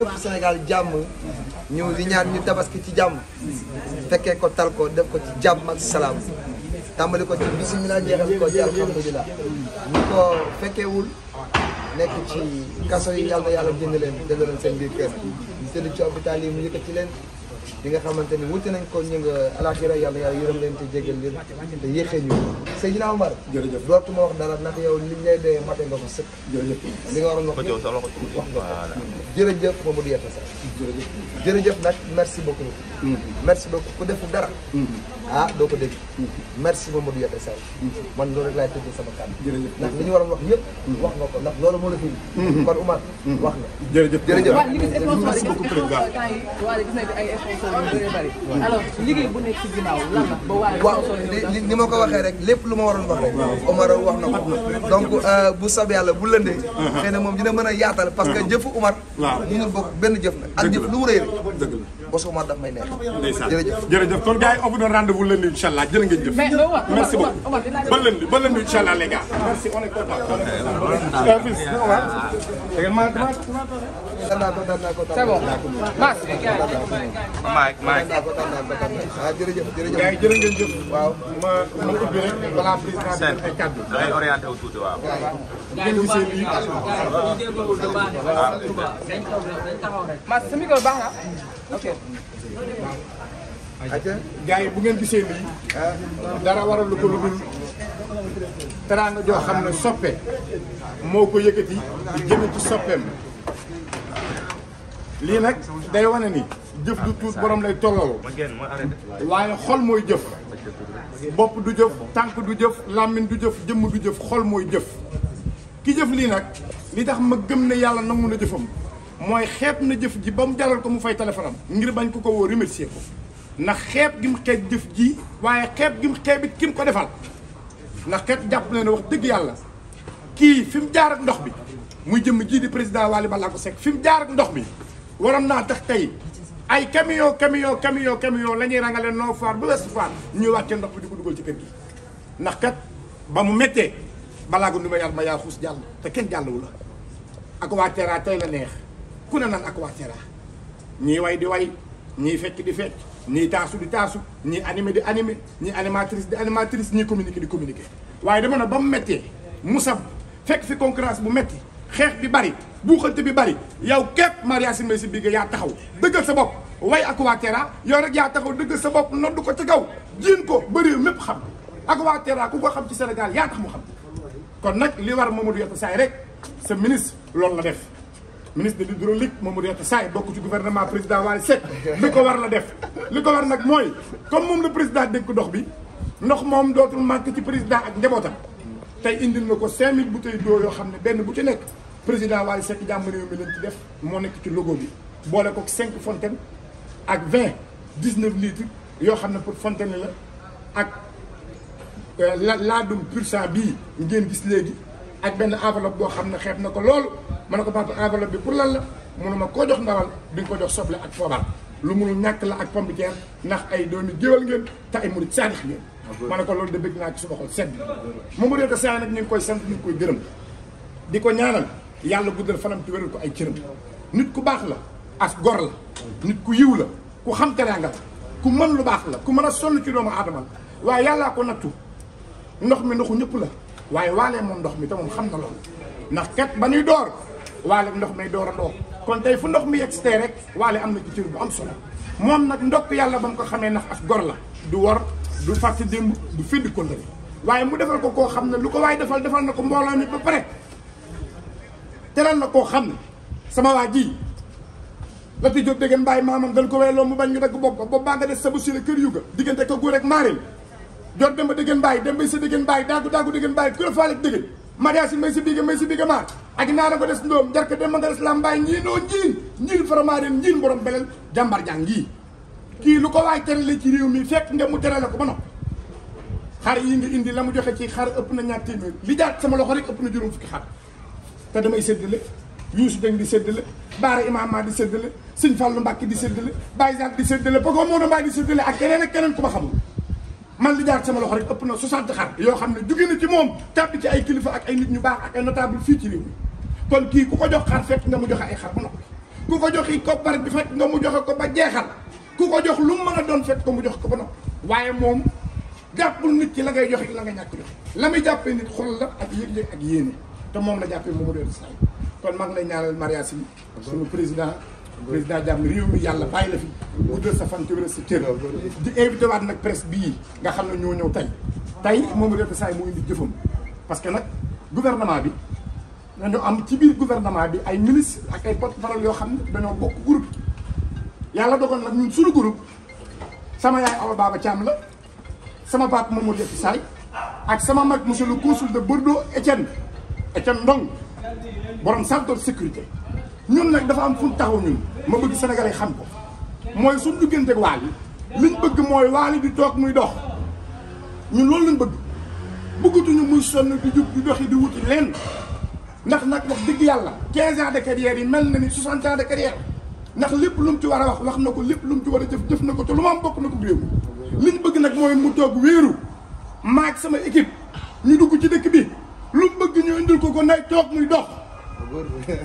yëpp jàmm ñëw di ñaan ñu tabaski ci jàmm fekkee ko tal ko def ko ci jàmm ak salaam tàmbali ko ci bisimilah jeexal ko ci alhamdulilah ñu ko fekkeewul nekk ci kaso yi yàlla na yàlla génn leen delloo leen seen biir kër ñu tëdd ci hôpital yi mu ci leen li nga xamante ni wuti nañ ko ñu nga alaxira yàlla yàlla yërëm leen te jégal leen te yéexee ñu Seydina Omar jërëjëf dootuma wax dara ndax yow li ñu dee mate nga ko sëkk jërëjëf li nga waroon wax wax nga jërëjëf Mamadou Yatta Sarr jërëjëf jërëjëf nag merci beaucoup mm-hmm. merci beaucoup ku defu dara mm-hmm. ah doo ko mm-hmm. man loolu laay tëjee sama kàddu ndax li ñu waroon wax yëpp wax nga ko ndax loolu moo la fi kon Oumar wax nga jërëjëf jërëjëf merci beaucoup président alors liggéey waaw ni ma ko waxee rek lépp lu ma waroon wax rek Omar wax na ko donc bu sab yàlla bu lëndee xëy na moom dina mën a yaatal parce que jëfu Omar ñu bokk benn jëf nag ak jëf lu mu rek dëgg la parce que daf may neex jërëjëf jërëjëf kon jëf ba lëndi ba lëndi incha allah c'est bon Mass. Mike Mike. ah jërëjëf jërëjëf. gars yi jërë ngeen jëf. waaw ma ma ubbi rek balaa président bi def ay kàddu. da ngay orienté wu tuuti waaw. ngeen gisee lii. Ah, Mass sa micro baax na ok. gars yi bu ngeen gisee lii. dara waralu ko lu dul teraanga joo xam ne soppe moo ko yëkkati jëme ci soppeem. lii nag day wane ni jëf du tuut boroom lay tolloo waaye xol mooy jëf bopp du jëf tànk du jëf làmmiñ du jëf jëmm du jëf xol mooy jëf ki jëf lii nag li tax ma gëm ne yàlla nangu na jëfam mooy xeeb na jëf ji ba mu jaral ko mu fay téléphone ngir bañ ko ko woo remercier ko ndax xeeb gi mu xeeb jëf ji waaye xeeb gi mu xeeb it ki mu ko defal ndax kat jàpp na ne wax dëgg yàlla kii fi mu jaar ak ndox bi mu jëm jii di président Waly Ballago Seck fi mu jaar ndox bi waroon naa tax tey ay camion camion camion camion la ñuy rangale noo faar ba west faar ñuy wàccee ndox bi di ko dugal ci kër gi ndax kat ba mu méttee balaa gu nu ma yar ma yaa xuus jàll te kenn jàlluwu la Aquaterra tey la neex ku ne naan Aquaterra ñii way di way ñii fekk di fecc ñii taasu di taasu ñii animé di animé ñii animatrice di animatrice ñii communiqué di communiqué waaye dama ne ba mu méttee musab fekk fi concurrence bu métti xeex bi bari buuxante bi bari yow képp Maria Yacine Messi bi nga yaa taxaw dëggal sa bopp waaye ak waa Terra yow rek yaa taxaw dëggal sa bopp noddu ko ci kaw jiin ko bëri réew mépp xam ak waa ku ko xam ci Sénégal yaa tax mu xam kon nag li war Mamadou Yatta Saay rek sa ministre loolu la def ministre de l'hydraulique Mamadou Yatta Saay bokk ci gouvernement président Wally Seck li ko war la def li ko war nag mooy comme moom le président dénk dox bi ndox moom dootul manqué ci président ak njabootam tey indil na ko 5000 bouteilles d'eau yoo xam ne benn bu ci nekk président Wally Seck jàmm réew mi leen ci def moo nekk ci logo bi boole ko cinq fontaines ak vingt dix neuf litres yoo xam ne pour fontaine la ak euh, laa laadum pur sang bii ngeen gis léegi ak benn enveloppe boo xam ne xeeb na ko lool ma ne ko papa enveloppe bi pour lan la munuma koo jox ndawal di nga ko jox soble ak foobar lu munul ñàkk la ak pomme ndax ay doomi géwél ngeen te ay murit saadix ngeen ma ne ko loolu de bëgg naa ci suma xol sedd mu mu dee ko saa nag ñu ngi koy sant ñu ngi koy gërëm di ko ñaana yàlla guddal fanam ci wéral ko ay cëram nit ku baax la as gor la nit ku yiw la ku xam teraanga la ku mën lu baax la ku mën a sonn ci doomu aadama la waaye yàllaa ko nattu ndox mi ndoxu ñëpp la waaye waalee moom ndox mi te moom xam na loolu ndax kat ba nuy door waale ndox may door a door kon tey fu ndox mi yegg tey rek waale am na ci cër bu am solo moom nag ndokk yàlla ba mu ko xamee ndax as gor la du wor du fàtte démb du fiddi kóllëre waaye mu defal ko koo xam ne lu ko waaye defal defal na ko mbooloo nit ba pare teral na koo xam ne sama waa ji la ti jóg dégg mbaay maamam dañ ko weyloo mu bañ ñu dagg bopp bopp baa nga des sa bu sile kër yuga diggante ko góor ak maarim jot dem ba dégg mbaay dem bay sa dégg mbaay daagu daagu dégg mbaay ku la faale ko dem nga des la mbaay ñii njiin njiin faramaarim njiin borom beleel jàmbar jàng ngii kii lu ko waay terale ci réew mi fekk nga mu terale ko ba noppi xar yi nga indi la mu joxe ci xar ëpp na ñaar téeméer li jaat sama loxo ëpp na juróom te damay sedd séddale Youssou Dieng di séddale Baara Imaama di séddale Sëñ Fallou Mbacke di séddale Baye Zane di séddale Pogo Modou Mbaye di séddale ak keneen ak keneen ku ma xamul. man li jaar sama loxo rek ëpp na 60 xar yoo xam ne jóge na ci moom tàbbi ci ay kilifa ak ay nit ñu baax ak ay notable fii ci réew mi kon kii ku ko jox xar fekk nga mu joxe ay xar bu noppi ko jox i koppar bi fekk nga mu joxe ko ba jeexal ku ko jox lu mu mën a doon fekk ko mu jox ko ba noppi waaye moom jàppul nit ci la ngay joxe la nga ñàkk joxe la jàppee nit xol la ak yëg-yëg ak yéene te moom la jàppee Mamadou Ibra Sall kon maa ngi lay ñaanal Maria Sy suñu président président jàmm réew mi yàlla bàyyi la fi guddal sa fan te wéral sa cër di invité waat nag presse bii nga xam ne ñoo ñëw tey tey Mamadou Ibra saay moo indi jëfam parce que nag gouvernement bi dañu am ci biir gouvernement bi ay ministre ak ay porte-parole yoo xam ne dañoo bokk groupe yàlla dogal nag ñun suñu groupe sama yaay Awa Baba Thiam la sama pap Mamadou Ibra Sall ak sama mag monsieur le consul de Bordeaux Etienne Ndong borom centre sécurité ñun nag dafa am fu taxaw ñun ma bëgg sénégalais xam ko mooy suñu digganteeg waal yi liñ bëgg mooy waal yi di toog muy dox ñun loolu lañ bëgg bëggatuñu muy sonn di jub di doxi di wuti leen ndax nag wax dëgg yàlla 15 ans de carrière yi mel na ni 60 ans de carrière ndax lépp lu ci war a wax wax na ko lépp luñ ci war a jëf jëf na ko te lu ma am bokk na ko réew mi liñ bëgg nag mooy mu toog wéeru maag sama équipe ñu dugg ci dëkk bi lu mu bëgg ñu indil ko ko nay toog muy dox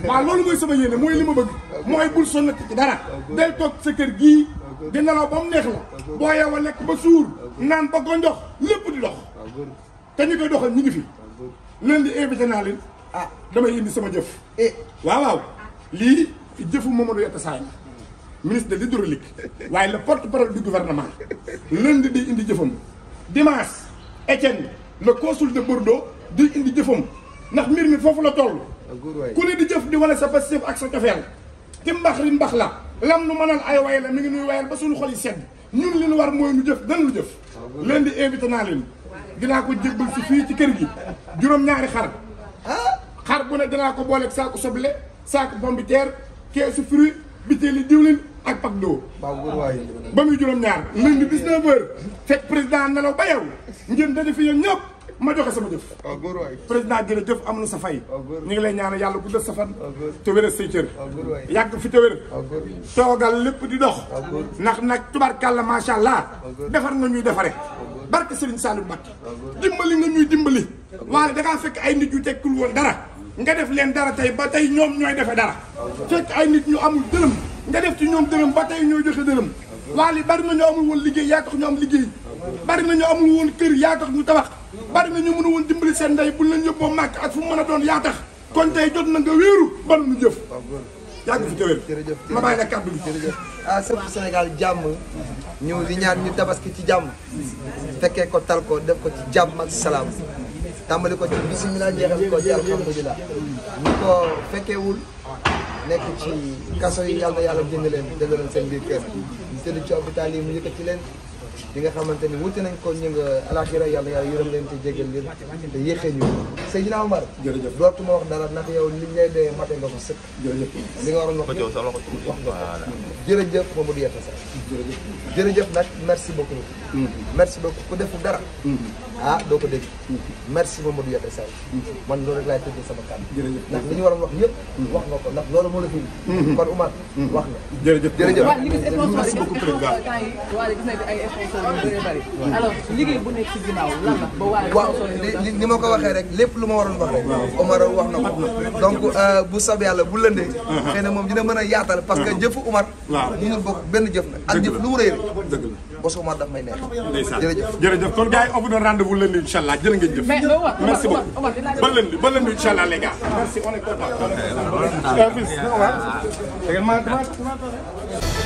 waaw loolu mooy sama yéene mooy li ma bëgg mooy bul sonnati dara day toog sa kër gii di nelaw ba mu neex la boo yeewoo lekk ba suur naan ba gonjox lépp di dox te ñu koy doxal ñu ngi fi leen di invité naa leen ah damay indi sama jëf eh. waaw waaw lii jëfu Mamadou Yatta Sarr ministre de l'hydraulique waaye la porte-parole du gouvernement lundi di indi jëfam dimanche Étienne na consul de Bordeaux di indi jëfam ndax mbir mi foofu la toll ah, ku ne di jëf di wane sa pastéef ak sa cofeel ti mbax li mbax la lam nu mënal ay way la mi ngi nuy wayal ba suñu xol yi sedd ñun li nu war mooy nu jëf dan lu jëf ah, leen di invité naa leen dinaa ko jébbal si fii ci kër gi juróom-ñaari xar ah? xar bu ne dinaa ko booleeg saaku soble saaku pombiteer keesu fruit biteeli diwlin ak pak doo ba muy juróom-ñaar lundi 19 heures fekk président nelaw ba yow ngeen daje fi yéen ñëpp ma joxe sama jëf. waaw président jërëjëf jëf na sa fay. ñu ngi lay ñaanal yàlla bu guddal sa fan. te wéral say cër. yàgg fi te wér. lépp di dox. ndax nag tubarkàlla macha allah. defar nga ñuy defare barke Serigne Saliou Mbacké. dimbali nga ñuy dimbali. waaye dangaa fekk ay nit yu tekkul woon dara. nga def leen dara tey ba tey ñoom ñooy defee dara. fekk ay nit ñu amul dërëm. nga def ci ñoom dërëm ba tey ñooy joxe dërëm. waaye bari na ñu amul woon liggéey yaa tax ñu am liggéey. bari na ñu amul woon kër yaa tax ñu bari na ñu mën a woon dimbali seen ndey buñ leen yóbboo màkk ak fu mu a doon yaa tax kon tey jot na nga wéeru bari nu jëf yàgg fi tëwél ma bàyyi la kàddu bi ah sëpp senegal jàmm ñëw di ñaan ñu tabaski ci jàmm fekkee ko tal ko def ko ci jàmm ak salaam tàmbali ko ci bisimilah jeexal ko ci alhamdulilah ñu ko fekkeewul nekk ci kaso yi yàlla yàlla jënd leen delloo leen seen biir kër ñu tëdd ci hôpital yi mu yëkkati leen li nga xamante ni wuti nañ ko ñu nga alaxira yàlla yàlla yërëm leen te jégal leen te yéexee ñu Seydina Omar. jërëjëf dootuma wax dara ndax yow li ngay dee mate nga ko sëkk. jërëjëf li nga waroon wax wax nga ko jërëjëf Mamadou Yatta Sarr. jërëjëf jërëjëf nag merci beaucoup. Mm-hmm. merci beaucoup ku defu dara. Mm-hmm. ah doo ko dégg. Mm-hmm. merci Mamadou Yatta Sarr. man loolu rek laay tëjee sama kàddu. jërëjëf ndax li ñu waroon wax yëpp. wax nga ko ndax loolu moo la fi. kon Oumar wax nga. jërëjëf jërëjëf waaw ñu gis sponsor yi gis naa temps yi waaye gis nañu ay sponsor yu bëri bëri. alors liggéey bu nekk ci ginnaaw lan la ba waaye. sponsor yi li ma ko waxee rek lépp lu ma waroon wax rek Omar wax na euh, bu sab yàlla bu lëndee xëy na moom dina mën a yaatal parce que jëfu Omar mënul bokk benn jëf nag ak jëf lu mu rëy bos Omar daf may neex jërëjëf jërëjëf kon jëf ba lundi ba lundi incha allah